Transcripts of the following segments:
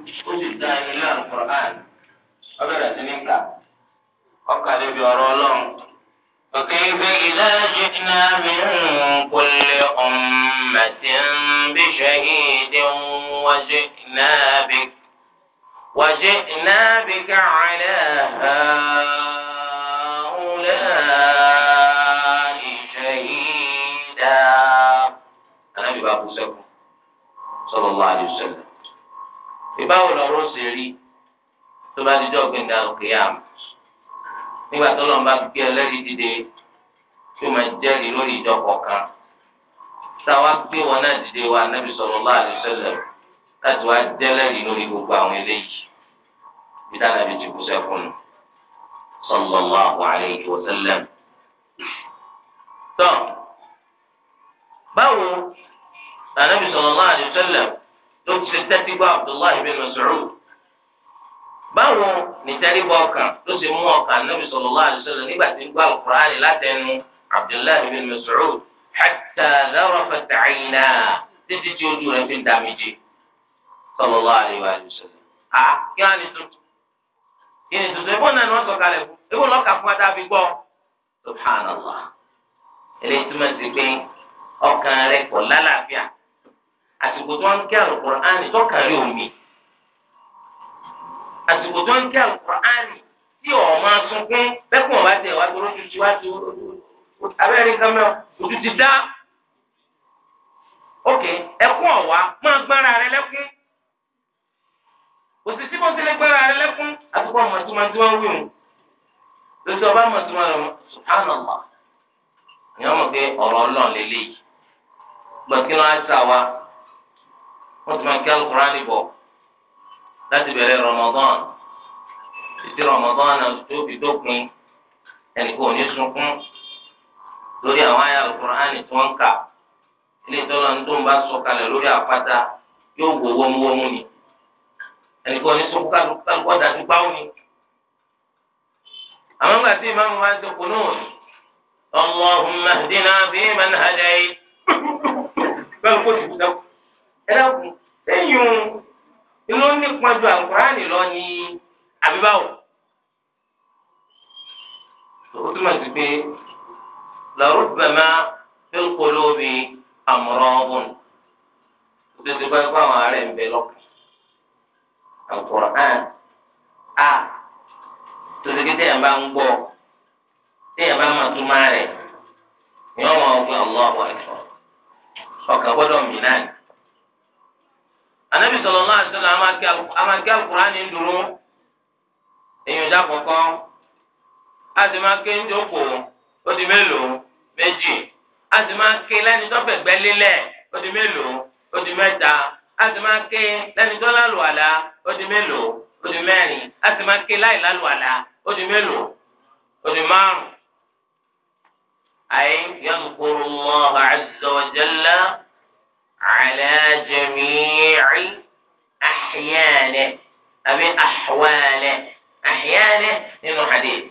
ó sì القرآن ẹni náà ní Quran ọbẹ̀rẹ̀ فكيف إذا جئنا من كل أمة بشهيد وجئنا بك وجئنا بك على هؤلاء شهيدا النبي أبو سكر صلى الله عليه وسلم ìbáwò lọ́rọ̀ ṣe rí tó bá dídọ́ gbẹ̀ngà òkè àm nígbà tó lọ́n bá gbé ẹlẹ́rìí dìde tó máa jẹ́rìí lórí ìjọ kọ̀ọ̀kan táwa gbé wọn náà dìde wa Ànábì sallallahu alaihi wasallam láti wá jẹ́lẹ́rìí lórí gbogbo àwọn eléyìí bí dáadáa bí ti kú sẹ́kùn sallallahu alaihi wasallam. tọ́ báwo Ànábì sallallahu alaihi wasallam ló ṣe tẹ́tí gbọ́ Abdullahi bin Mas'ud báwo nìtẹ́ríbọ̀ ọkàn ló ṣe mú ọkàn Nabi sallallahu alaihi wasallam nígbà tí ń gbọ́ Al-Qur'ani látẹnu Abdullahi bin Mas'ud hatta zarafat aynahu títí tí ojú rẹ̀ fi ń dàmíje sallallahu alaihi wasallam. a kí wọ́n á ní tuntun kí ni tuntun ebó náà ni wọ́n sọ̀kalẹ̀ fún ebó lọ́ọ̀kà fún ata fi gbọ́ subhanallah eléyìí túmọ̀ sí pé ọkàn rẹ̀ kò lálàáfíà àsìkò tí wọ́n ń kí àlùkùránì tọ́kàrí omi àsìkò tí wọ́n ń kí àlùkùránì tí ọ̀ máa sunkún lẹ́kùn ọ̀bá tẹ̀ wá tó lójú wá tó abẹ́rẹ́ nǹkan mẹ́wọ́ òtún ti dá òkè ẹkún ọ̀wá máa gbára rẹ lẹ́kún òsì tí wọ́n ti lè gbára rẹ lẹ́kún àtúkò ọmọ tó máa tó máa wí òun lójú ọba máa tó máa rọ subhanallah ìyá ọmọ pé ọ̀rọ̀ ọlọ́ọ̀lẹ́lẹ́yìí gbọ̀n kí wa wọ́n ti máa ń kí alukurani bọ̀ láti bẹ̀rẹ̀ Ramadan títí Ramadan náà tóbi dópin ẹnì kò ní sunkún lórí àwọn ayé alukurani tí wọ́n ń kà ilé ìtọ́lọ́ ní tó ń bá sọ kalẹ̀ lórí àpáta yóò wò wọ́múwọ́mú ni ẹnì kò ní sunkún kálukọ́ dájú gbáwó ni. àwọn ìgbà tí ìmáàmù wa ń ṣe kùnú Allahumma hdina fi man hadayt kálukọ́ ti kú dáwọ́ ẹ dáwọ́ kù. sẹ́yìn inú nípa ju àkùránì lọ ní àbíbáwò tó túmọ̀ sí pé ma tó ti bá ipá àwọn ààrẹ ń bẹ lọ́kàn a tó ti kété yẹn bá ń gbọ́ téèyàn bá máa mìíràn. anabi sọlọ náà sọlọ amagé alukurani ń dúró èyàn ìjà kọkọ àti máa ké ń jókòó ó di mélòó méjì àti máa ké lẹ́ni tó fẹ̀gbẹ́ lélẹ̀ ó di mélòó ó di mẹ́ta àti máa ké lẹ́ni tó lálù àlá ó di mélòó ó di mẹ́rin àti máa ké mélòó ó di márùn. àyè yẹn kúrò mọ́ àzọ̀jẹ̀lá. على جميع أحيانه أبي أحواله أحيانه من حديث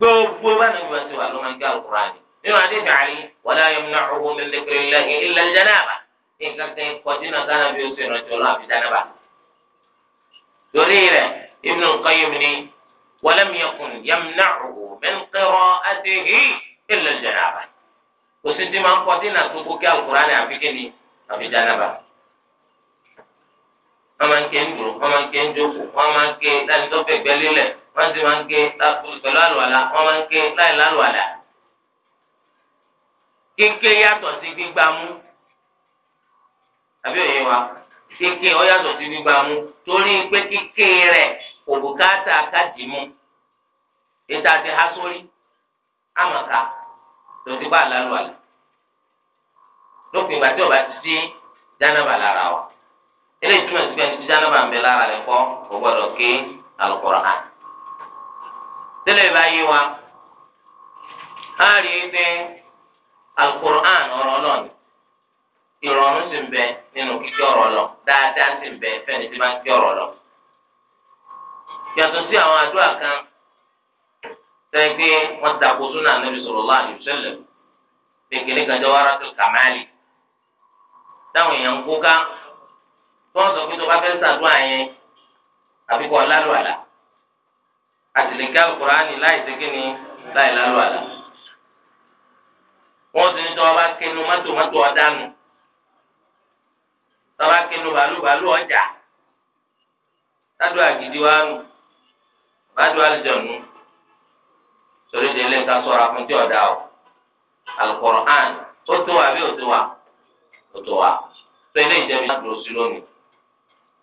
قبوا من قبوا من قال القرآن من حديث علي ولا يمنعه من ذكر الله إلا الجنابة إن كان تنقضينا كان بيوسين رجل الله بجنابة دليل ابن القيم ولم يكن يمنعه من قراءته إلا الجنابة وسنتي ما قضينا كبوكي القرآن عن فكني àbí jánábà wọ́n máa ń ké ńdùrú wọ́n máa ń ké ńdùrú wọ́n máa ń ké láti tó fẹ̀gbẹ́ lélẹ̀ wọ́n sì máa ń ké pẹ̀lú àlùwàlà wọ́n máa ń ké láì lálùwàlà. kíké yàtọ̀ sí gbígbá mú àbí òye wa kíké ọ yàtọ̀ sí gbígbá mú torí pé kíké rẹ̀ kò bùkátà káàdì mú ètò àti hasórí àmàkà tó bá àlálùwàlà lópin ìgbà tí o bá ti sí jánábà lára o eléyìí túmọ̀ sí pé ẹni tí jánábà ń bẹ lára rẹ̀ kọ́ kò gbọ́dọ̀ ké Al-Qur'an. tẹ́lẹ̀ bá yé wa á rí i pé Al-Qur'an ọ̀rọ̀ náà ni ìrọ̀rùn sì ń bẹ nínú kíkí ọ̀rọ̀ lọ dáadáa sì ń bẹ fẹ́ni tí máa ń kí ọ̀rọ̀ lọ. yàtọ̀ sí àwọn àdúrà kan sẹ́yìn pé wọ́n ti dàpọ̀ sún náà Nabi sallallahu alaihi wasallam wàrà tó kàmáàlì táwọn èèyàn ń kó ká tí wọ́n sọ pé tó bá fẹ́ ṣàdúrà yẹn àbíkọ́ lálùwàlà àtìlẹ́kẹ́ àlùkùránì láì ṣe kí ni láì lálùwàlà wọ́n sì ní tí wọ́n bá kinu mọ́tò mọ́tò ọ̀dánù tí wọ́n bá kinu bàálù bàálù ọjà ládùúgbò àgídí wa nù ládùúgbò àlùjọ̀nù sórí ìdílé nǹkan sọ̀rọ̀ àfúntì ọ̀dà o Al-Qur'an tó tó wa bí o tó wa. kó tó sọ ilé ìjẹbi náà dúró sí lónìí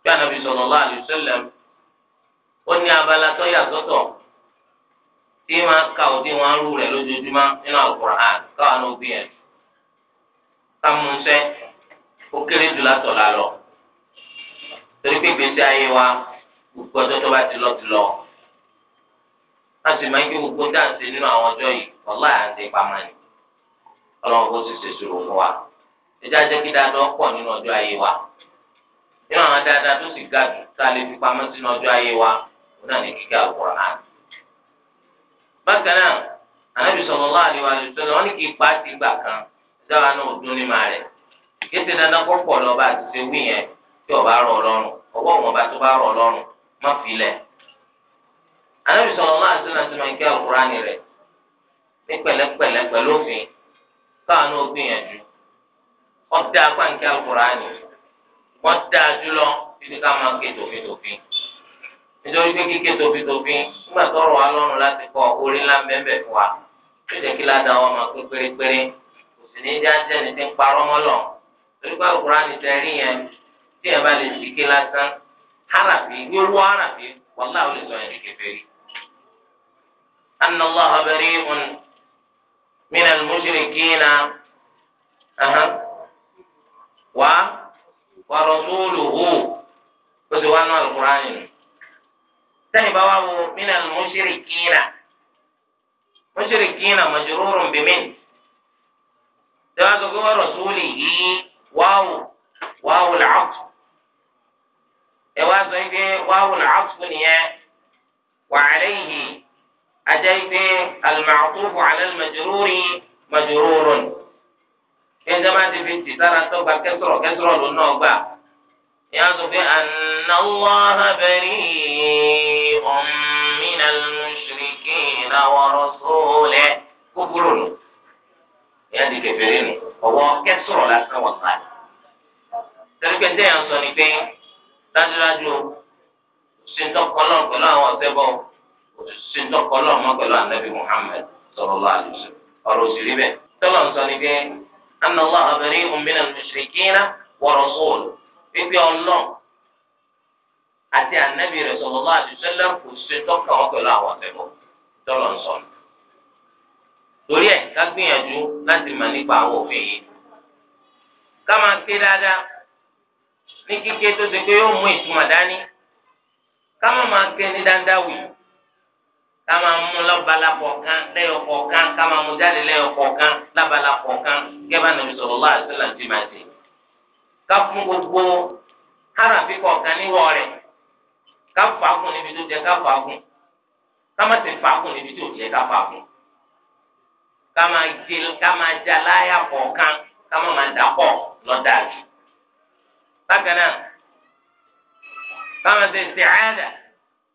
bí anabi ó ní abala tó yà sọ́tọ̀ tí máa ka òdiwọ̀n arú rẹ̀ nínú káwọn náà ó kéré jù la lọ torí ẹjẹ ajẹ́ kí dáadáa ọ̀pọ̀ nínú ọjọ́ ayé wa nínú àwọn dáadáa tó sì ga jù tá a lè fi pamọ́ sínú ọjọ́ ayé wa wọn náà ní bákan náà Ànábì ní kí ipa ti gbà kan náà dún ní rẹ̀ kéde lọ́ba àti ṣe ọba rọ̀ lọ́rùn ọwọ́ wọn bá tó bá rọ̀ lọ́rùn má fi lẹ̀. Ànábì wọ́n dá apáǹkì alukurani wọ́n dá jùlọ títí ká máa ké tòfintòfin nítorí pé kíké tòfintòfin nígbà tó rọ̀ wá lọ́rùn láti kọ́ orí ńlá bẹ́ẹ̀ fún wa tó jẹ́ kí ládàá wọn máa pé pérépéré kò sì ní jáde ní ti ń parọ́ mọ́lọ̀ torí pé alukurani tẹ rí yẹn tí ẹ bá lè fi ké lásán harafi wíwú harafi wàhálà ó sọ yẹn ní kèfèrí. anna Allaha bari'un min al-mushrikina wá wà rasuluhu ó sì wá nù Al-Qur'ani nù. sẹ́yìn bá wá wo minal mushrikina mushrikina majrurun bi min. sẹ́wọ́n sọ pé wà rasulihi wáwù wáwù làákù. ẹ wá sọ pé wáwù làákù nìyẹn wà alayhi àjẹ́ pé al-ma'tufu ala al-majruri majrurun kẹsẹ máa ti fi tì sára tó gba kẹsọrọ kẹsọrọ ló náà gbà ìyá sọ pé anáwó abẹ́rẹ́ ọ̀mìnà lùsùlùkì ìnáwọ̀rọ̀ sóòlẹ̀ kúkúrò nù ìyá ti kẹfẹ́rẹ́ nù ọwọ́ kẹsọrọ lásán wọ̀ sáà torí pé ǹjẹ́ yẹn sọ ni pé dájúdájú ṣèǹtọ́kọ́lọ́ pẹ̀lú àwọn ọ̀sẹ́bọ̀ ṣèǹtọ́kọ́lọ́ mọ́ pẹ̀lú ànábì Muhammad sallallahu alaihi ọ̀rọ̀ òṣèré anna Allaha bari'un minal mushrikina wa rasuluhu wípé ọlọ́ àti ànábì rẹ̀ sallallahu alaihi wasallam kò ṣe tọ́ka wọn pẹ̀lú àwọn ọ̀tẹ̀bọ̀ tọ́lọ̀ ń sọnù. torí ẹ̀ ká gbìyànjú láti mọ̀ nípa àwọn òfin yìí. ká máa ké dáadáa ní kíké tó ṣe pé yóò mú ìtumọ̀ dání ká má máa ké ní dáńdáwì. kama máa mú lábala kọ̀ọ̀kan lẹ́yọ̀ kama ká jáde lẹ́yọ̀ kọ̀ọ̀kan lábala kọ̀ọ̀kan gẹ́gẹ́ bá ti fún gbogbo harafi kọ̀ọ̀kan níwọ̀ rẹ̀ ká fàákùn níbi tó jẹ ka fàákùn kama má ti fàákùn níbi tó jẹ ká fàákùn. ká máa jẹ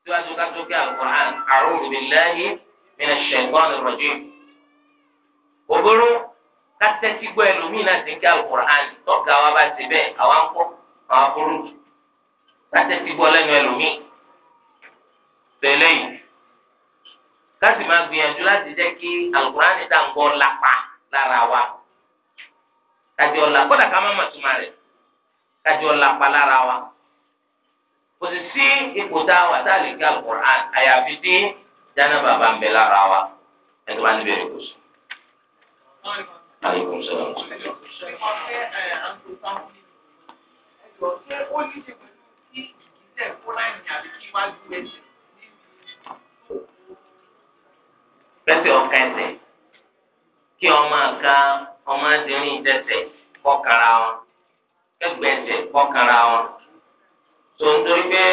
síwájú ká tó kí alukur'an a'udhu billahi minash shaytanir rajim. òbúrú ká tẹ́tí gbọ́ ẹlòmíì náà ti kí alukur'an tọ́ka wa bá ti bẹ́ẹ̀ àwa ń kọ́ àwa burú ká tẹ́tí gbọ́ lẹ́nu ẹlòmíì. tẹ́lẹ̀ yìí ká sì máa gbìyànjú láti jẹ́ kí alukur'an dà ń lápá lára wa kájọ ọ̀la kódà ká má màtúmá rẹ̀ kájọ ọ̀la pa lára wa kò sì sí ipò tá a wà tá a lè gba alukur'an àyàfi tí jánàbà bá ń bẹ lára wa ẹni bá ń bẹ̀rẹ̀ kò sí. aleykum salaam. pẹ́sẹ̀ ọ̀ka ẹsẹ̀ kí ọmọ àká ọmọ adìrin dẹ́sẹ̀ kọ́ kara wọn kẹgbẹ́ ẹsẹ̀ kọ́ kara wọn tó ń torí pé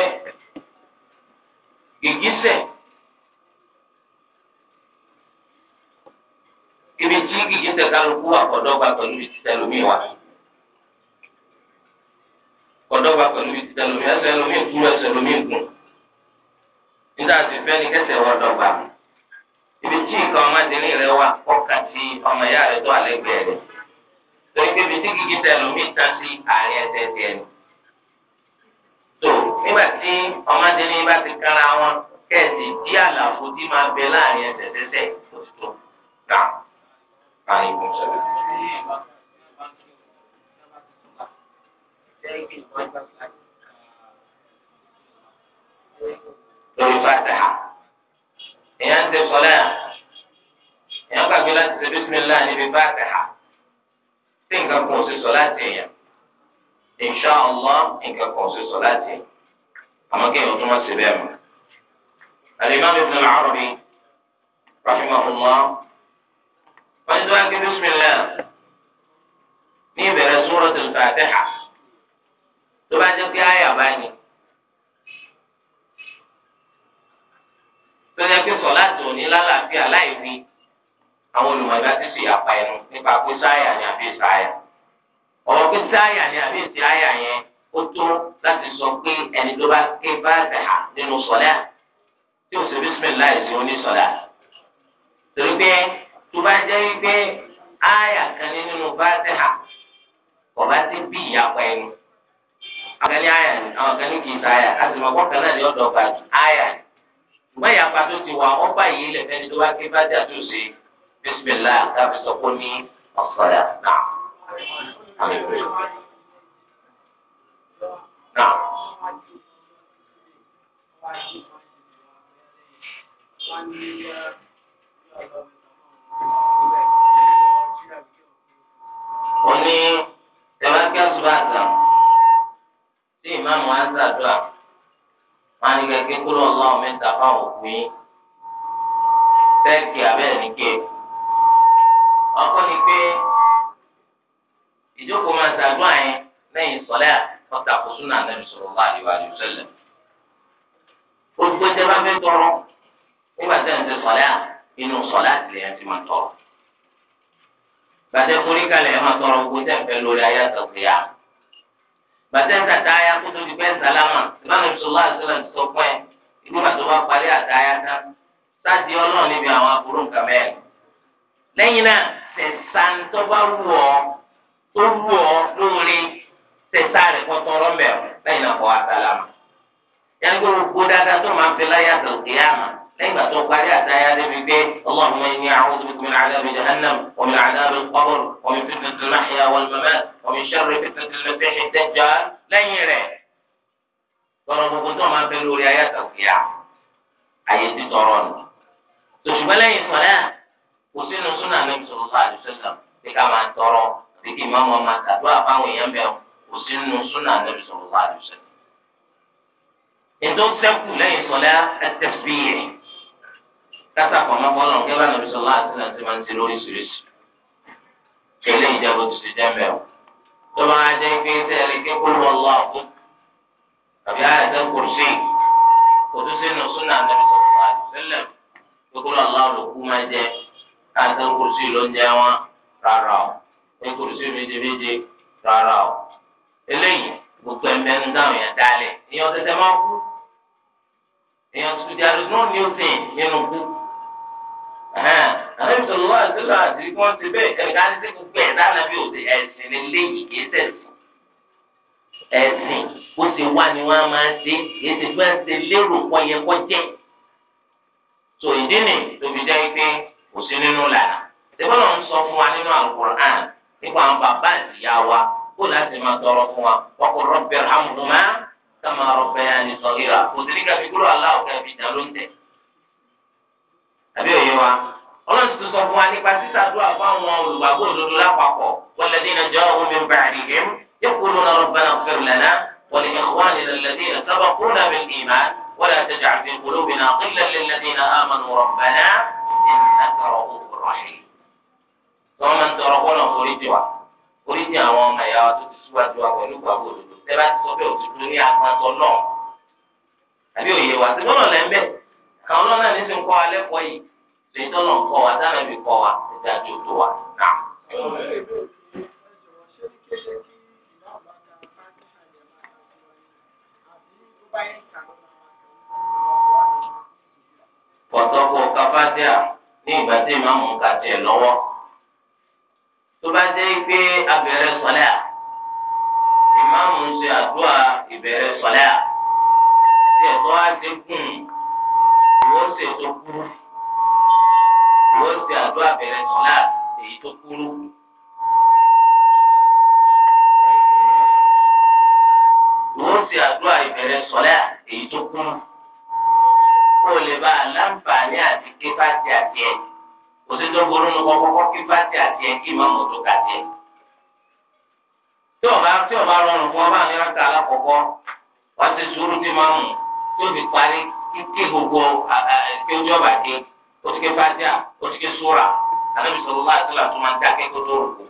gìgísẹ̀ ibi tí gìgísẹ̀ kálukú wà kọ̀dọ́gba pẹ̀lú ibi títẹ̀ lómi wà kọ̀dọ́gba pẹ̀lú ibi títẹ̀ lómi ẹsẹ̀ lómi kú ẹsẹ̀ lómi gùn nígbà tí fẹ́ ni kẹsẹ̀ wọ́n dọ́gba ibi tí nǹkan ọmọdéní rẹ wà ọkà tí ọmọ ìyá rẹ tó àlẹ́ gbẹ̀ẹ́ rẹ torí pé ibi tí gìgísẹ̀ lómi ta sí àárín ẹsẹ̀ tiẹ̀ ni nígbà tí ọmọdé ní bá ti kára wọn kẹ́ẹ̀sì dí àlàfo tí máa bẹ láàrin ẹsẹ̀ tẹ́tẹ́ òṣùwọ̀n. kéèyàn tó má ṣe bẹ́ẹ̀ mọ́. alimami ibn al-arabi rahimahullah wọ́n ti wáá kí bismillah ní ìbẹ̀rẹ̀ suratul fatiha tó bá jẹ́ pé àyà báyìí. tọ́jà pé sọ láti òní lálàáfíà láìwí àwọn olùmọ̀gbà ti ṣe àpá ẹnu nípa pé sáyà ni àbí sáyà ọ̀rọ̀ pé sáyà ni àbí sáyà yẹn ó tó láti sọ pé ẹni tó bá ké bá dàá nínú sọlá tí o sì bísímìlá ẹ̀ sí onísọlá torí pé tó bá jẹ́ wípé áyà kan nínú bá dàá ọba ti bí ìyapa ẹnu àwọn ní àyà ni àwọn kan ní kì í sa àyà láti mọ kọ́kàn náà ní ọ̀dọ̀ ọba àyà ṣùgbọ́n ìyapa tó ti wà ọba yìí lè fẹ́ni tó bá ké bá dà tó ṣe bísímìlá káfíńsọ̀ kó ní ọ̀sọ̀dà náà. wọ́n ní tẹ̀wákẹ́ àtúbà àtàn tí ìmáàmù á ń ṣàdúrà wọn á ní kẹ̀kẹ́ kúrò ọlọ́run mẹ́ta fáwọn òkú yín tẹ́ẹ̀kì abẹ́rẹ́ ní ké ọkọ ni pé ìjókòó máa ṣàdúrà yẹn lẹ́yìn sọ́lẹ́ àtọ́ta kò súnà nàbì sọ̀rọ̀ àdìwà àdìwà sẹ́lẹ̀ gbogbo ẹjẹ bá fẹ́ tọrọ nígbà tẹ́ ń ti sọ̀lá inú sọ̀lá tilẹ̀ ẹ ti máa tọrọ. bàtẹ́ forí kalẹ̀ ẹ máa tọrọ gbogbo tẹ́ ń fẹ́ lórí ayé àtàkùn yá. bàtẹ́ ń tàtà ayá kó tóbi bẹ́ẹ̀ sálámà ìbánu ìṣòwò àṣẹlẹ̀ ti sọ fún ẹ ìgbìmọ̀ tó bá parí àtà ayá tán sáàdì ọlọ́run níbi àwọn aburú nǹkan mẹ́rin. lẹ́yìn náà tẹ̀sán tó bá wù ọ́ tó wù ọ́ lóore yẹn kó gbogbo dáadáa tó máa ń fi láyà tó kéèyàn lẹ́yìn tó parí àtàyà débi pé ọlọ́run ẹ̀yin ní àwọn tó kún àdá mi jahannam omi àdá mi kọ́bùr omi fífi tó náà yà wọ́n mẹ́mẹ́ omi sẹ́rẹ̀ fífi tó lè fẹ́ ṣe tẹ́jà lẹ́yìn rẹ̀ tọrọ gbogbo tó máa ń fi lórí ayé àtàkìyà ayé ti tọrọ nù. tòṣùgbọ́n lẹ́yìn sọ̀rẹ́ kò sínú súnà ní sọ̀rọ̀fà àdìsọ́sà bí ká máa tọrọ bí kì í máa máa tàdúrà fáwọn èèyàn bẹ́ẹ̀ kò sínú súnà ní sọ̀rọ̀fà àdìsọ́sà ètò sẹ́kù lẹ́yìn sọ̀lá ẹ̀tẹ̀fìyẹ kásá pọ̀mọ́ bọ́lọ̀ kí wọ́n nàbí sọ̀lá àti nàbí máa ń ti lóríṣiríṣi kẹlẹ́ ìjẹ́bù ti ti jẹ́ mẹ́wọ̀ tó bá wá jẹ́ pé sẹ́ẹ̀rì kí kó lọ́ lọ́ àkú tàbí àyàtọ̀ kùrùsì kò tún sínú súnà nàbí sọ̀lá àti sẹ́lẹ̀ kí kó lọ́ lọ́ àlòkù máa jẹ àyàtọ̀ kùrùsì ló ń jẹ wọn rárá o ní kùrùsì méje méje rárá o eléyìí gbogbo ẹ̀mẹ́nu dáhùn yẹn dálẹ̀ ìyẹn ọ̀tẹ̀tẹ̀ máa kú èèyàn tuntun there is no new thing nínú kú. àwọn ìṣòro wà sílẹ̀ àti kí wọ́n ti bẹ́ẹ̀ kẹ́kẹ́ á ti gbogbo ẹ̀ dáná bí òde ẹ̀sìn ní léyìí kì í ṣẹ̀sìn. ẹ̀sìn bó ṣe wá ni wọ́n á máa ṣe kì í ṣe ṣe lérò kọ́yẹ́kọ́jẹ́. tó ìdí nì tóbi jẹ́ pé kò sí nínú làrá. ìṣèwọ́n náà ń sọ fún wa nínú al nípa àwọn bàbá àtìyá wa kó láti máa tọrọ fún wa wọ́n kò rọ́bẹ̀rẹ̀ kama rabbayani saghira kò sí ní kàfi kúrò aláwọ kàfi ìjà ló ń tẹ àbí òye wa ọlọ́run ti sọ fún wa nípa sísàdúrà fún àwọn olùgbàgbọ́ òdodo lápapọ̀ walladhina ja'u min ba'dihim yaquluna rabbana ighfir lana wa li ikhwanina alladhina sabaquna bil iman wa la taj'al fi qulubina ghillan lil ladhina amanu rabbana innaka ra'ufur rahim. sọ́wọ́n máa ń tọrọ bọ́ọ̀lù oríjì wa oríjì àwọn ọmọ ẹ̀yà wa tó ti síwájú wa pẹ̀lú gbàgbọ́ òdodo. tẹ́lá sọ pé òtútù ní agbọ̀ntọ̀ náà àbí òye wa tí wọ́n lọ ẹ̀mẹ́ àwọn ọlọ́run ní sìn kọ́ alẹ́ kọ́ yìí lèyìn tó kọ́ wa dáná bí kọ́ wa ẹ̀dá ju tó wa ní ìgbà tí màmú ka tiẹ̀ lọ́wọ́ tó bá jẹ́ pé ìmáàmù ń ṣe àdúrà ìbẹ̀rẹ̀ sọ̀lẹ́ à tí ẹ̀tọ́ á dé gùn ìwọ́ ṣe tó kúrú ìwọ́ ṣe àdúrà bẹ̀rẹ̀ sọ̀lẹ́ à èyí tó kúrú. ìwọ́ ṣe àdúrà ìbẹ̀rẹ̀ sọ̀lẹ́ à o lè bá a láǹfààní àti ké bá ti àti ẹ̀ kò sí tó burú nu kọ́kọ́kọ́ ké bá ti àti ẹ̀ kí ìmáàmù tó tí ọba tí ọba rọrùn fún ọba àmì rákà alákọ̀ọ́kọ́ wọ́n ti sùúrù bí máa mú tí ó fi parí kíkí gbogbo kí ojú ọba dé ó ti ké fàtíà ó ti ké súrà ànábì sọ̀rọ̀ láti sọ̀rọ̀ àti máa ń dákẹ́ kó tó rò kù.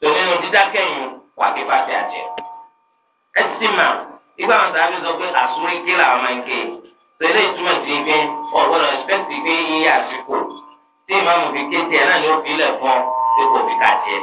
tòun nínú dídákẹ́ yìí wà ké fàtíà jẹ. ẹ ti mà ìgbà wọn sàbí sọ pé àsúrí kí làwọn máa ń ké tẹlẹ ìtumọ̀ sí pé ọ̀gbọ́dọ̀ ẹ̀sìpẹ́ǹtì pé iye àsìkò tí ìmáàmù fi ké tiẹ̀ náà ni ó fi ilẹ̀ fún ọ pé kò fi ká tiẹ̀.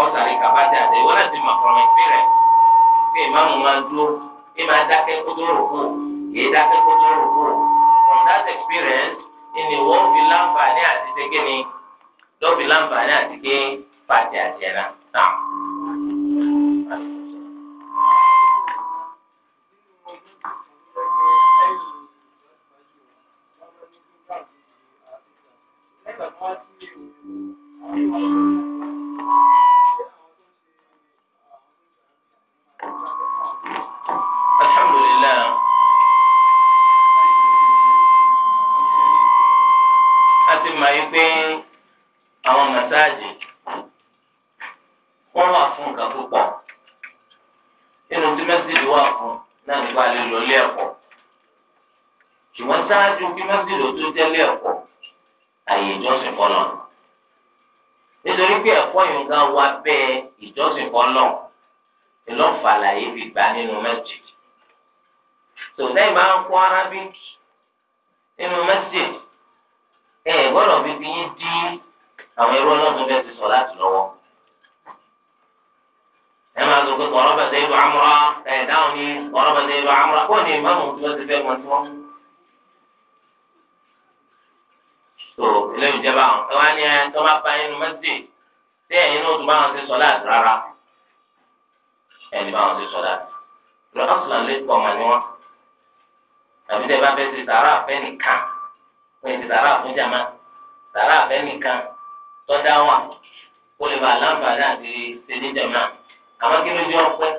ọ̀sàrí kàbájá àti ìwọ náà ti mọ̀ from experience ìmáàmù máa dúró pé máa dákẹ́ kó tó rò kó dákẹ́ kó tó from that experience ni wọ́n fi láǹfààní àti ṣe kí ni lọ́ọ̀fi láǹfààní àti gé pàtì àjẹ́ náà. nítorí pé ẹ̀kọ́ yìí gan wá bẹ́ẹ̀ ìjọsìn kan náà ìlọ́fàlàyé fi gbà nínú mẹ́sìd tó lẹ́yìn máa ń kọ́ Arabic nínú mẹ́sìd ẹ̀ gbọ́dọ̀ fi fi yín dí àwọn irú ọlọ́dún bẹ́ẹ̀ ti sọ láti lọ́wọ́ ẹ máa sọ pé kọ̀ọ̀rọ̀ bẹ̀sẹ̀ ibà amúra ẹ̀ dáhùn ní kọ̀ọ̀rọ̀ bẹ̀sẹ̀ ibà amúra kó ní ìmáàmù tí wọ́n ti fẹ́ mọ́ tí wọ́n tó eléyìí jẹba àwọn ẹ wá ní ẹ tó bá bá inú mẹsì tí ẹ̀yin náà tó bá wọn ṣe sọlá rárá ẹni bá wọn ṣe sọlá lọ asùlàn lè pọ̀ mọ́ ni wọn àbí tẹ bá fẹ́ ṣe sàrà fẹ́ nìkan wọ́n ti sàrà fún jàmá sàrà fẹ́ nìkan tọ́jà wà kó lè ba àlàǹfààní àti ṣe ní jàmá àmọ́ kí ló jẹ́ ọpẹ́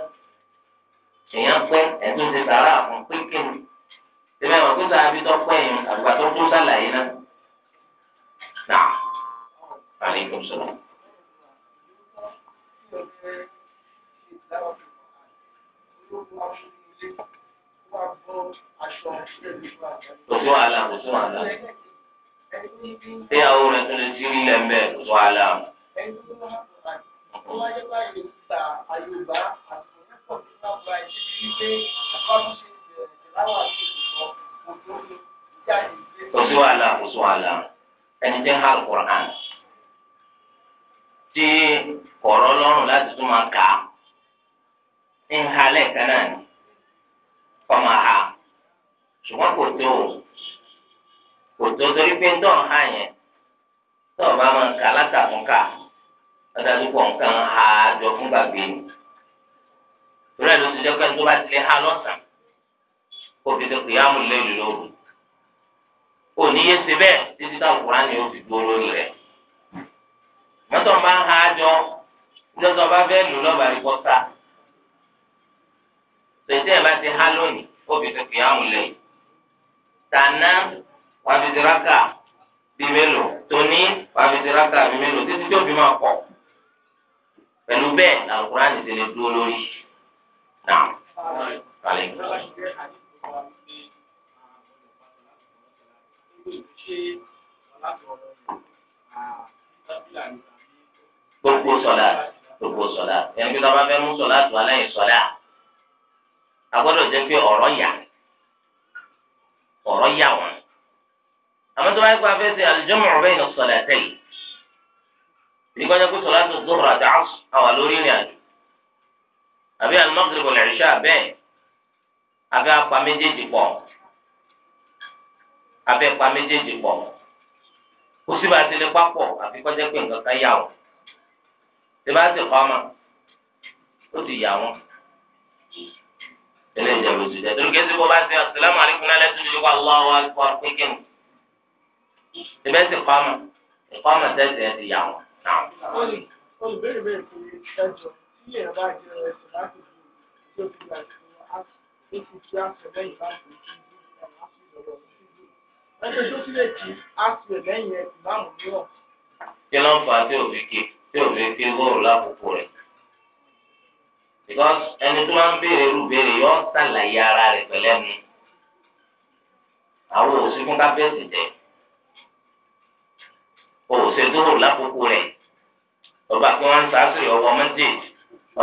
èèyàn pẹ́ ẹ̀dùn ṣe sàrà fún pé kí ni kó sàrà tọ́ pẹ́ yẹn àgbà tó sàlàyé náà. Alaikum salaam. Gbogbo àlà kò tún àlà. Téyàwó rẹ̀ tún lè ti rí lẹ́mẹ̀ kò tún àlà. Kò tún àlà kò Ẹni tẹ́ ń ha Kùrán tí kọ̀rọ̀ lọ́rùn láti tún máa kà á ń ha lẹ́ẹ̀kan náà ni kọ́ máa ha ṣùgbọ́n kò tó o kò tó torí pé ń tọ̀ ń ha yẹn tọ̀ bá máa kà látàkùnkà lọ́dàdú pọ̀ nǹkan ha jọ fún gbàgbé ni torí ló ti jẹ́ pé tó bá tilẹ̀ ha lọ́sàn-án kó fi tó kìyàmù lẹ́yìn lóru òní yé ṣe bẹ́ẹ̀ títí táwọn kùránì yóò fi gbóró rẹ̀ mọ́tò máa ń ha jọ lọ́sọ̀ bá fẹ́ lù lọ́ba rí bọ́sà tẹ̀sẹ̀ bá ti há lónìí ó fi tẹ̀kì àwọn lẹ́yìn tànà wà fi tiraka bí mélòó tóní wà fi tiraka bí mélòó títí tó fi máa pọ̀ pẹ̀lú bẹ́ẹ̀ làlùkùránì ti lè dúró lórí náà kálí. Thank gbogbo sọlá gbogbo sọlá ẹnjú tó a bá fẹ́ mú sọlá tó aláìní sọlá a gbọ́dọ̀ jẹ́ pé ọ̀rọ̀ yà ọ̀rọ̀ yà wọn àmọ́ tó bá yẹ kó a fẹ́ ṣe al-jam'u bayna as-salatayn ìgbàjẹ́ kó sọlá tó dúró àti àṣù àwọn lórí ìrìn àjò àbí al-maghrib wal-isha abẹ́ apá méjèèjì pọ̀ abẹ́ apá méjèèjì pọ̀ kó síbi àti ilé pápọ̀ àfi pé nǹkan kan yà wọ́n tẹ́lá sì kọ́ ọmọ ó ti yà wọ́n tẹ́lẹ̀ ìjà lóṣù jẹ́ torí kẹ́sì kó bá ṣe àṣìlámù àlékún náà lẹ́sùn yìí wà lọ́wọ́ àlùkò àpékè mu tẹ́lá sì kọ́ ọmọ ẹ̀kọ́ ọmọ tẹ́sí ẹ̀ ti yà wọ́n náà. olùbéèrè tó fi àti ètò kí lẹ́yìn bá ti ti di ẹ̀rọ á sì lọ́wọ́ ẹgbẹ́ tó ti tí o fi pé wọ́n ò lákòókò rẹ̀. because ẹni tó máa ń béèrè irú béèrè yọ ṣàlàyé ara rẹ̀ pẹ̀lẹ́nu àwọn òsì fún kábẹ́ẹ̀sì jẹ́ òsè tó wò lákòókò rẹ̀ ọba pé wọ́n ń sàásìrì ọwọ́ méjèèjì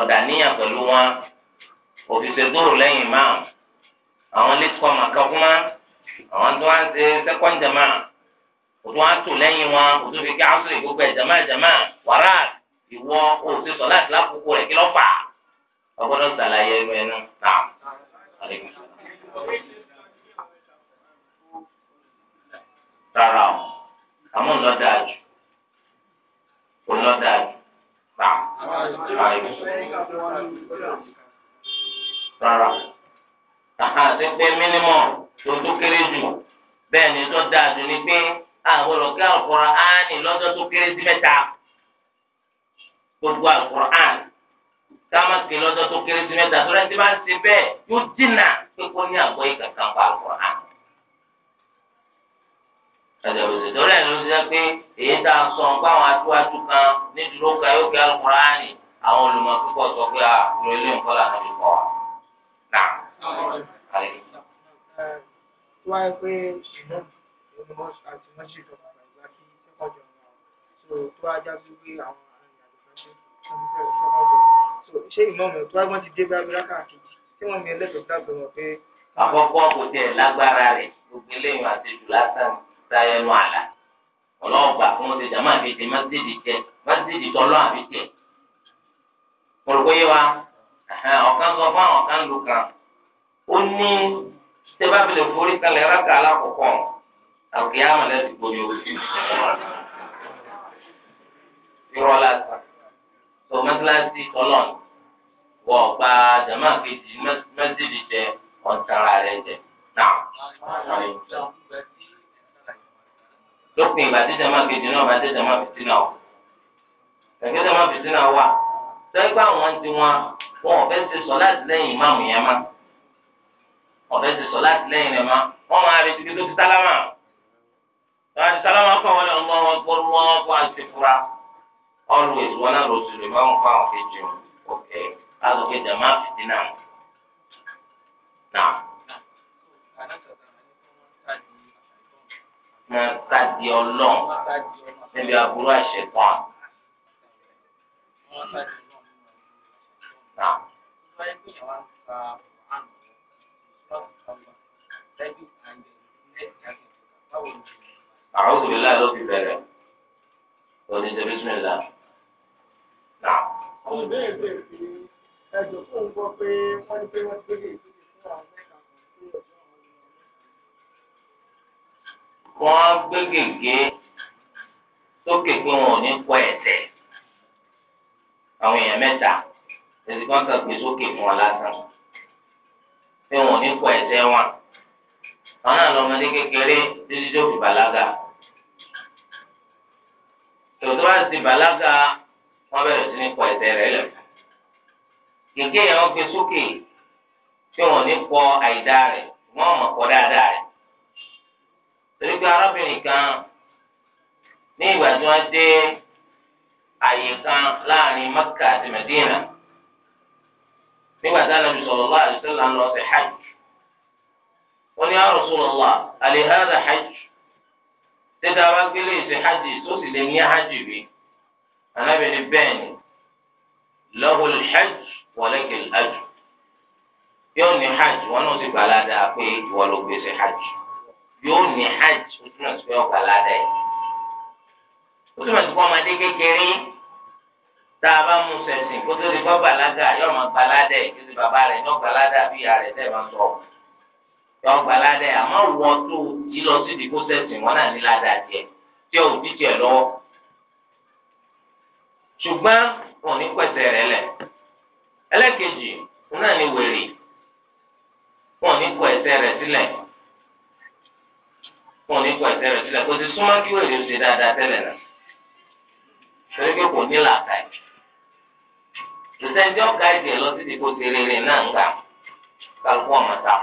ọ̀dà níyàn pẹ̀lú wọn òfìsè tó wò lẹ́yìn máa àwọn lẹ́tọ́ màkàkúmá àwọn tó wá ń ṣe sẹ́kọ̀ǹdẹ̀máà òtún á tò lẹ́yìn wọn òtún fi kí asúrì gbogbo ẹ̀ jama jama wàrà ìwọ òtún sọ láti lákòókò rẹ̀ kí ló fà á ọgbọ́dọ̀ sàlàyé ẹnu ẹnu náà. rárá o àmọ́ ńlọ dáa jù kò ńlọ dáa jù náà. rárá tàhán àti pé mínímọ̀ tó tó kéré jù bẹ́ẹ̀ ni tó dáa ni pé tó kéré sí mẹ́ta gbogbo alukur'an káma ké lọ́jọ́ tó kéré sí mẹ́ta tó lẹ́sìn máa ń ṣe bẹ́ẹ̀ yóò dínà pé kó ní àgbọ̀ yìí kankan pa alukur'an. Àjàbòsè torí ẹ̀ ló ń ṣe pé èyí tá a sọ nǹkan àwọn atúwájú kan ní dúró kan yóò kí alukur'an àwọn olùmọ̀ púpọ̀ sọ pé àkùrẹ́ ilé nǹkan làná lè kọ́ wa. Nà àlè. Wáyé pé ìlú ìlú mọ́ṣáláṣí mọ́ṣáláṣí so tó bá já sí pé àwọn ṣé ìmọ̀ọ́mù tó bá wọ́n ti dé báyìí lákà kejì tí wọ́n mi ẹlẹ́tọ̀ọ́ dábọ̀ wọn pé. àkọ́kọ́ kò tiẹ̀ lágbára rẹ̀ gbogbo eléyìí àti jù lásán táyà ẹnu àlà ọlọ́ọ̀gbà fún wọn ti jàmá àfi tẹ mọ́sídìí tẹ mọ́sídìí tọ́lọ́ àfi tẹ. olùkóyè wa ọ̀kan sọ fún àwọn kan lù kan ó ní tẹ́bàbìlẹ̀ forí kalẹ̀ rákà alákọ̀ọ́kọ́ àkìyàmọ̀lẹ́dùgbò irọ́ lásán tó mọ́tíláṣí tọ́lọ̀ wọ ọ̀gbà jàmá kejì mẹ́sìlì jẹ ọ̀tara rẹ jẹ náà. lópin ìgbà tí jàmá kejì náà bá jẹ́ jàmá fìtínà o ẹ̀gbẹ́ jàmá fìtínà wà sẹ́gbà wọn ti wọn wọn ò fẹ́ ti sọ láti lẹ́yìn ìmáàmù yẹn má ọ̀fẹ́ ti sọ láti lẹ́yìn rẹ̀ má wọ́n máa retí kí tó ti sálámà. Àwọn àti sálámà kọ̀ wọ́n lọ́wọ́ wọn kó wọ́n kó àti fura always wọn náà lọ sùn lè máa ń fa àwọn kejì o ok láti ọkẹ jẹ máa fìdí náà nà. Wọ́n sádi ọlọ́run níbi aburú àṣepọ̀n. Àwọn òṣèlú láì ló fi bẹ̀rẹ̀. Òní ṣe bísí mi là àwọn ìbéèrè bèèrè pé ẹjọ́ fún un gbọ́ pé wọ́n ní pé wọ́n ti gbé wọ́n gbé gègé sókè pé wọn ò ní kọ ẹ̀tẹ̀ àwọn èèyàn mẹ́ta èsì kan kàn gbé sókè fún wọn lásán pé wọn ò ní kọ ẹ̀tẹ̀ wọn àwọn náà lọ́mọdé kékeré títí tó fi bàlágà tòótọ́ bá ti bàlágà. wọ́n bẹ̀rẹ̀ sí ní pọ̀ ẹsẹ̀ rẹ̀ lẹ̀. gègé yẹn wọ́n gbé sókè tí wọ́n ní pọ̀ àìdá rẹ̀ wọ́n mọ̀ pọ̀ dáadáa rẹ̀. torí pé arábìnrin kan ní ìgbà tí dé àyè kan láàrin àti nígbà tí ya hajj tẹ́tà wá gbélé ìsìn hajj tó sì lè anabi ni bẹ́ẹ̀ ni lahul hajj walakil ajr yóò ní hajj wọn náà ti gbalada pé ìwọ ló gbèsè hajj yóò ní hajj ó túmọ̀ sí pé ó gbalada yìí ó túmọ̀ sí pé ọmọdé kékeré tá a bá mú sẹ̀sìn kó tó di kọ́ gbalada yóò máa gbalada yìí kí ti bàbá rẹ̀ yóò gbalada bí ìyá rẹ̀ tẹ̀ máa sọ yóò gbalada yìí àmọ́ wọ́n tó yí lọ sí ìdíkó sẹ̀sìn wọn náà ní ládàá jẹ tí ò díjẹ lọ́wọ́ ṣùgbọ́n wọn ò ní pẹ̀sẹ̀ rẹ̀ lẹ̀ ẹlẹ́kejì náà ni wèrè wọn ò ní kọ ẹsẹ̀ rẹ̀ sílẹ̀ wọn ò ní kọ ẹsẹ̀ rẹ̀ sílẹ̀ kò sì súnmọ́ kí wèrè ó ṣe dáadáa tẹ́lẹ̀ náà torí pé kò ní làákàyè ìṣẹ́jọ́ ọ̀gá ìdè lọ sí ìdìbò ti rere náà ń gbà kálukú ọmọ ta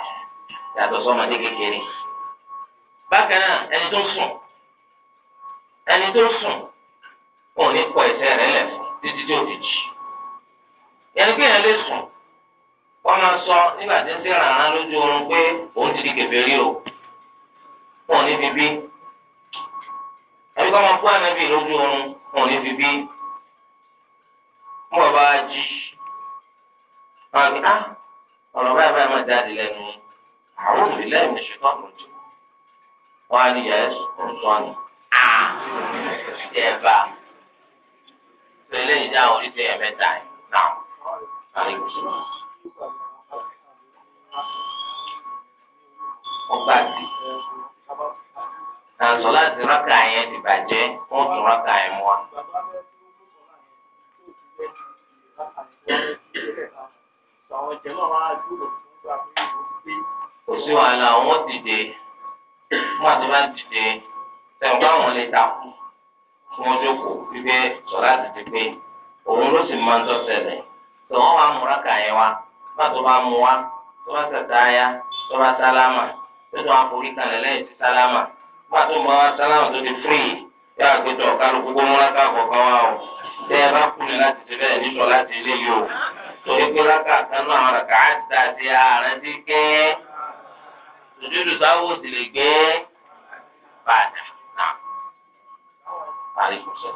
yàtọ̀ sọmọdé kékeré bákan náà ẹni tó ń sùn ẹni tó ń sùn òun ní pọ̀ ẹsẹ̀ rẹ̀ lẹ̀ fún títí tí òbí jì. ìyẹn pé yẹn lè sùn wọ́n máa sọ nígbà tí ń sí ràrá lójú oorun pé òun ti di kèfèrí o òun ní fi bí. àbíkọ́ máa fún ànábì lójú oorun òun ní fi bí. mo bá á ah, ọ̀rọ̀ báyìí báyìí máa jáde lẹ́nu àwọn tẹ̀lé ìdá orí tẹ̀yẹ mẹ́ta yìí náà àríkùsùn. ọgbà tí nàzọ láti rákà yẹn ti bàjẹ́ wọ́n tún rákà yẹn mọ́ wa. kò sí wàhálà wọn dìde wọn àti wọn dìde tẹ̀wọ́n báwọn lè takú tí wọ́n jókòó wípé sọ̀rọ̀ àti ti pé òun ló sì máa ń tọ́sẹ̀lẹ̀ tó wọ́n wá múra kà yẹn wá má tó bá mú wá tó bá sàtáyà tó bá sálámà tó tó àforí kalẹ̀ lẹ́yìn tí sálámà má tó bá wá sálámà tó ti fírì yóò àgbẹ̀tọ̀ kálukú kó múra ká kọ̀ọ̀kan wá o tẹ́ ẹ bá kúlẹ̀ láti ti bẹ́ẹ̀ nísọ̀ láti ilé yìí o torí pé rákà kanú àwọn rákà á ti dà sí ààrẹ sí gẹ́ẹ́ lójúlùsáwò sì lè gẹ́ẹ́ bàdà àríkù sọ.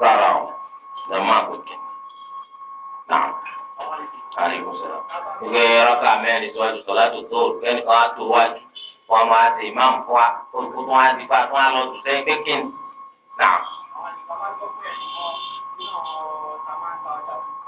rárá o jama kò kí náà àríkù sọ. gbogbo ẹ̀rọ̀ka mẹ́rin tí wọ́n ti sọ̀lá tó tó ẹnì kan á tó wájú wọn máa ti máa ń fọ́ wa kó tó wọn á ti fa tó wọn á lọ tó sẹ́yìn pé kí ni náà. àwọn ìgbà máa ń gbọ́ pé ẹ̀yìn kan nínú ọ̀ọ́ ta máa ń ta ọjà fún un.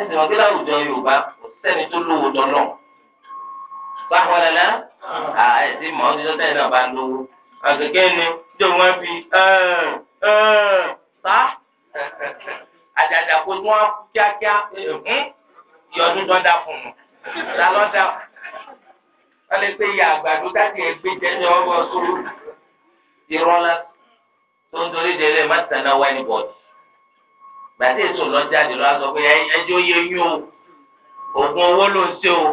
ẹsẹ̀ wọn kí láwùjọ yorùbá kò sẹ́ni tó lówó dọ́lọ́ báwo la la àìsí mọ́ ọdún tẹ́lẹ̀ náà bá lówó àgẹ́gẹ́ ni jọ wọn fi sá àjàjà kó wọn kíákíá ìyọdún hm? tó dá fún un ta ló dá wọn lè pe ìyá àgbàdo dákì ẹgbẹ́ jẹ́ ní ọgbọ́n sóró ìrọ́lá tó ń torí délé má tẹ̀ náà wáyé bọ́ọ̀dù. gbàtí èso lọ jáde sọ pé ẹjọ́ yẹ yín o oògùn owó ló ń ṣe o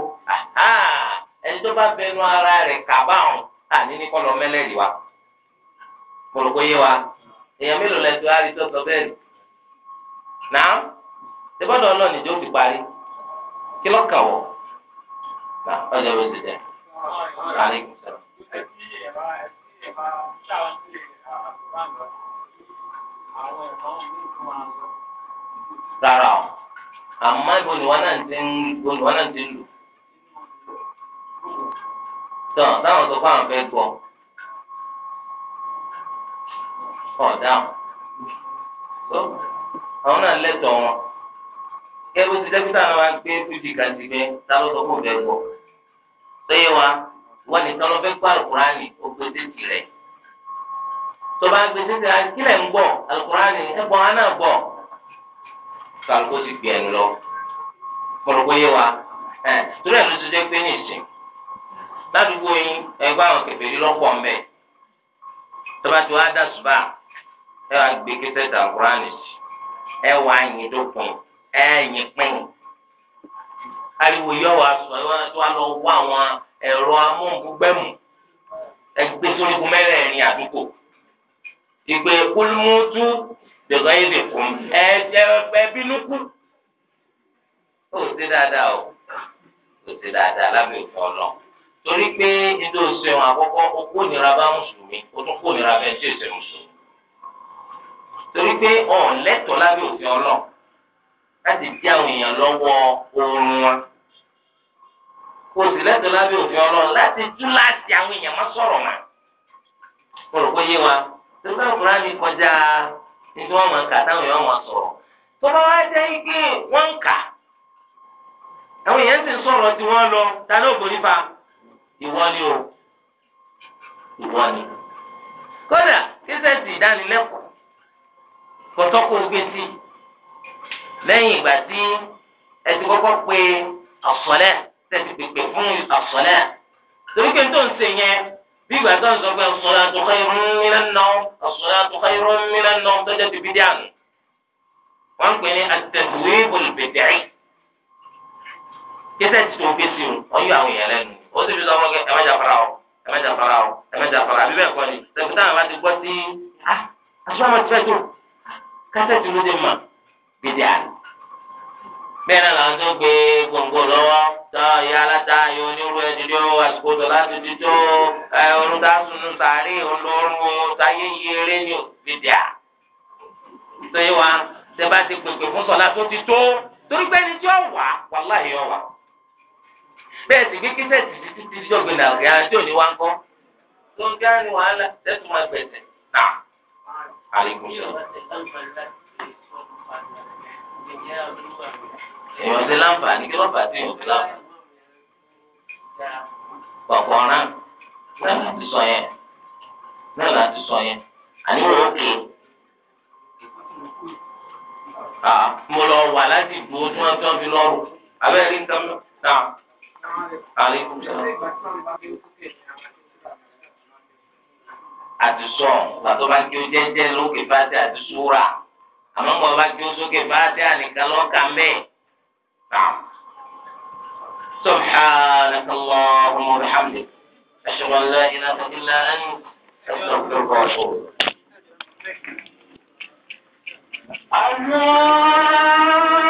ẹni tó bá ara rẹ̀ kàbá ọ̀hún àní ní kọlọ mẹlẹrì wa kọlọkọ yé wa èèyàn mélòó lẹsọ àrí sọ bẹ́ẹ̀ nà tẹbọdọ Ọlọ́run ìjọ parí kí ọjọ́ rárá o àmọ́ ibo ni wọn náà ti ń ibo ni wọn náà ti ń lò tán táwọn sọ na àwọn fẹ́ gbọ́ ọ̀daràn tó àwọn náà lẹ́tọ̀ọ́ wọn kẹ́bí ti dẹ́kítà náà wá gbé fífi kàti gbé táwọn sọ fún fẹ́ gbọ́ sẹ́yẹ wa wọ́n ní tọ́lọ́ fẹ́ gbọ́ àlùkùránì ó gbé tètè rẹ̀ tó bá gbé tètè rẹ̀ kílẹ̀ ń gbọ́ ẹ̀gbọ́n gbọ́. kálukó ti gbé ẹnu lọ kọlọpọ yé wa ẹ torí ẹ ló ti dé pé ní ìsìn ládùúgbò yín ẹgbẹ́ àwọn kẹfẹẹrí lọ́pọ̀ mbẹ tọba tí wàá dà ṣùgbà ẹ wàá gbé kẹsẹ tàkùránì ẹ wàá yin tó pin ẹ yin pin ariwo yọ wàá sọ ẹ wàá lọ wọ àwọn ẹ̀rọ amóhùngbẹmù ẹgbẹ́ sórí kùmẹrẹ ẹrin àdúgbò ìgbẹ kólúmọtú gbẹ̀gbẹ́ yìí lè kún ẹ ẹ ẹ bínú kú. ó ṣe dáadáa o ó ṣe dáadáa lábẹ́ òfin ọlọ́run torí pé ètò ìṣẹ̀wọ̀n àkọ́kọ́ ó kó nira bá mùsùlùmí ó tún kó nira bẹ́ẹ̀ tí ìṣẹ̀ mùsùlùmí. torí pé ọ̀n lẹ́tọ̀ọ́ lábẹ́ òfin ọlọ́run láti dí àwọn èèyàn lọ́wọ́ oorun wọn kò sì lẹ́tọ̀ọ́ lábẹ́ òfin ọlọ́run láti tú láti àwọn èèyàn má sọ̀rọ̀ mọ́. mo rò pé yé wa tó bá kúránì nítorí wọn máa ń kà táwọn èèyàn máa sọ̀rọ̀ tó bá wá jẹ́ pé wọ́n ń kà àwọn èèyàn sì ń sọ̀rọ̀ tí wọ́n lọ ta ní ògbóni fa ìwọ ni o ìwọ ni kódà kíṣẹ́sì ìdánilẹ́kọ̀ọ́ o oge sí lẹ́yìn ìgbà tí ẹ ti kọ́kọ́ pe àsọ̀lẹ̀ tẹ̀sí pèpè fún àsọ̀lẹ̀ torí pé n tó ń ṣe yẹn bí ìgbà tó ń sọ pé as-salatu khayrun minan nawm as-salatu khayrun minan nawm tó jẹ́ ti bídí àná wọ́n ń pè ní at-tadwibul bid'i kíkẹ́ tí o gbèsè o ọyọ àwọn èèyàn lẹ́nu ó sì fi sọ wọn ẹ mẹ́ta fara o ẹ mẹ́ta fara o ẹ mẹ́ta fara àbí kọ́ ni sẹ̀kútà àwọn ti gbọ́ sí ah, aṣọ àwọn ti fẹ́ tó ah, kásẹ̀tì ló dé mọ̀ bídí àná. bẹ́ẹ̀ náà làwọn tó gbé gbòǹgbò lọ́wọ́ tọ́ ìyá alátaayọ onírú ẹni ló àsìkò tó láti ti tó olùdásùnú sàárè olórun táyé yẹrẹ ní òfìdíà. wa sẹba ti pèpè fún sọlá tó ti tó torí pé ẹni tí ó wà ó wà. bẹ́ẹ̀ sì gbé kíkẹ́ tí ò èèyàn ti láǹfààní kí lọ́ọ̀bà tí èèyàn fi láǹfààní. pọ̀pọ̀ ọ̀ràn náà láti sọ yẹn náà láti sọ yẹn àní mò ń ké mo lọ wà láti ìgbò tí wọ́n tán fi lọ́rùn abẹ́rẹ́ ní nǹkan náà. Aleykum salaam àdùsọ̀ gbàtọ́ bá kí o jẹ́jẹ́ lókè bá dé àdùsúra àmọ́ gbọ́ bá kí o sókè bá dé ànìkan lọ́ka mẹ́ẹ̀ نعم سبحانك اللهم وبحمدك أشهد أن لا إله إلا أنت أستغفرك وأتوب الله